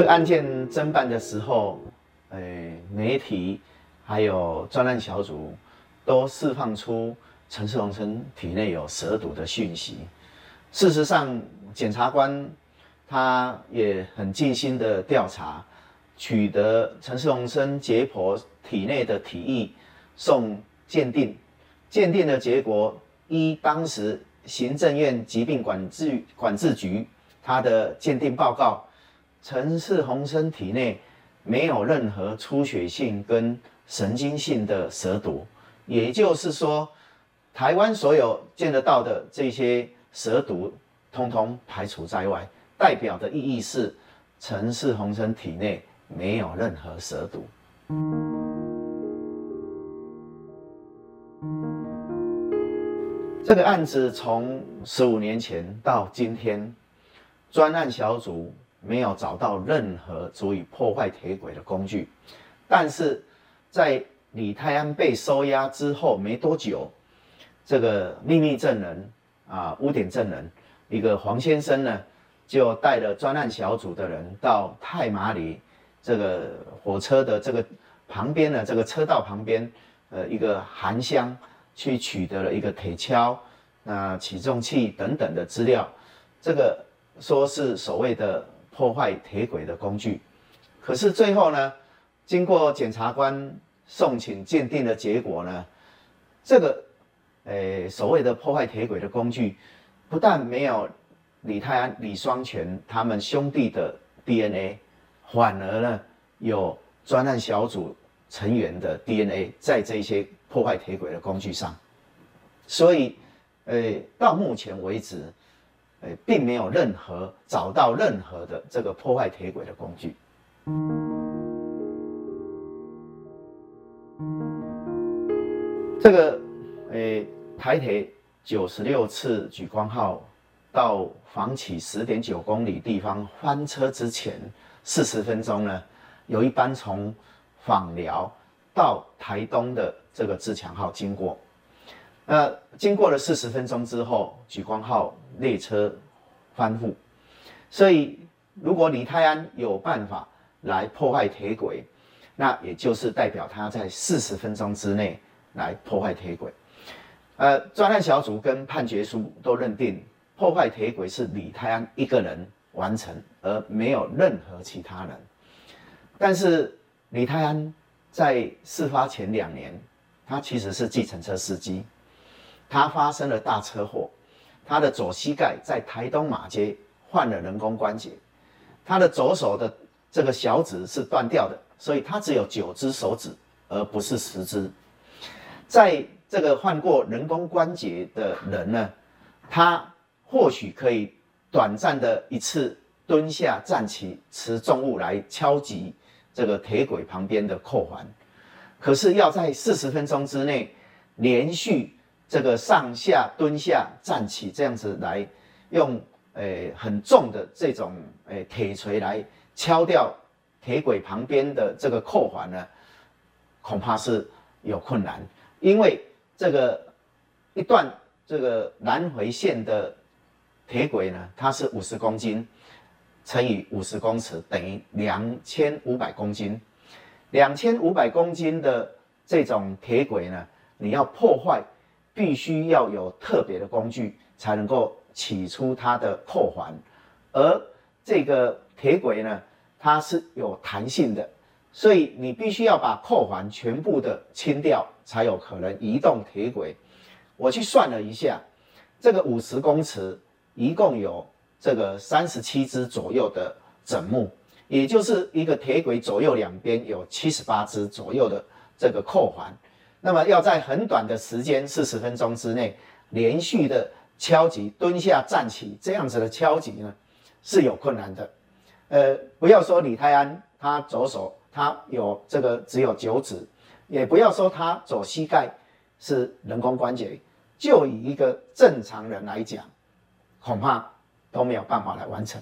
這個案件偵辦的時候，誒、呃、媒體還有專案小組都釋放出陳氏紅琛體內有蛇毒的訊息。事實上，檢察官他也很盡心的調查，取得陳氏紅琛解剖體內的體液送鑑定，鑑定的結果依當時行政院疾病管制管制局他的鑑定報告。陳氏紅琛體內沒有任何出血性跟神經性的蛇毒，也就是說，台灣所有見得到的這些蛇毒，通通排除在外。代表的意義是，陳氏紅琛體內沒有任何蛇毒。這個案子從十五年前到今天，專案小組。沒有找到任何足以破壞鐵軌的工具，但是在李泰安被收押之後沒多久，這個秘密證人啊、呃、污點證人，一個黃先生呢，就帶了專案小組的人到太麻里這個火車的這個旁邊的這個車道旁邊，呃，一個涵箱去取得了一個鐵鍬、那、呃、起重器等等的資料，這個說是所謂的。破壞鐵軌的工具，可是最後呢，經過檢察官送請鑑定的結果呢，這個，誒、欸、所謂的破壞鐵軌的工具，不但沒有李泰安、李雙全他們兄弟的 DNA，反而呢有專案小組成員的 DNA 在這些破壞鐵軌的工具上，所以，誒、欸、到目前為止。哎，並沒有任何找到任何的這個破壞鐵軌的工具。這個，呃，台鐵九十六次莒光號到枋寮十點九公里地方翻車之前四十分鐘呢，有一班從枋寮到台東的這個自強號經過。那、呃、經過了四十分鐘之後，莒光號列車翻覆。所以，如果李泰安有辦法來破壞鐵軌，那也就是代表他在四十分鐘之內來破壞鐵軌。呃，專案小組跟判決書都認定破壞鐵軌是李泰安一個人完成，而沒有任何其他人。但是，李泰安在事發前兩年，他其實是計程車司機。他發生了大車禍，他的左膝蓋在台東馬偕換了人工關節，他的左手的這個小指是斷掉的，所以他只有九隻手指，而不是十隻。在這個換過人工關節的人呢，他或許可以短暫的一次蹲下、站起、持重物來敲擊這個鐵軌旁邊的扣環，可是要在四十分鐘之內連續。這個上下蹲下站起這樣子來，用誒、呃、很重的這種誒、呃、鐵錘來敲掉鐵軌旁邊的這個扣環呢，恐怕是有困難，因為這個一段這個南迴線的鐵軌呢，它是五十公斤乘以五十公尺等於兩千五百公斤，兩千五百公斤的這種鐵軌呢，你要破壞。必須要有特別的工具才能夠取出它的扣環，而這個鐵軌呢，它是有彈性的，所以你必須要把扣環全部的清掉，才有可能移動鐵軌。我去算了一下，這個五十公尺一共有這個三十七隻左右的枕木，也就是一個鐵軌左右兩邊有七十八隻左右的這個扣環。那麼要在很短的時間，四十分鐘之內，連續的敲擊、蹲下、站起，這樣子的敲擊呢，是有困難的。呃，不要說李泰安他，他左手他有這個只有九指，也不要說他左膝蓋是人工關節，就以一個正常人來講，恐怕都沒有辦法來完成。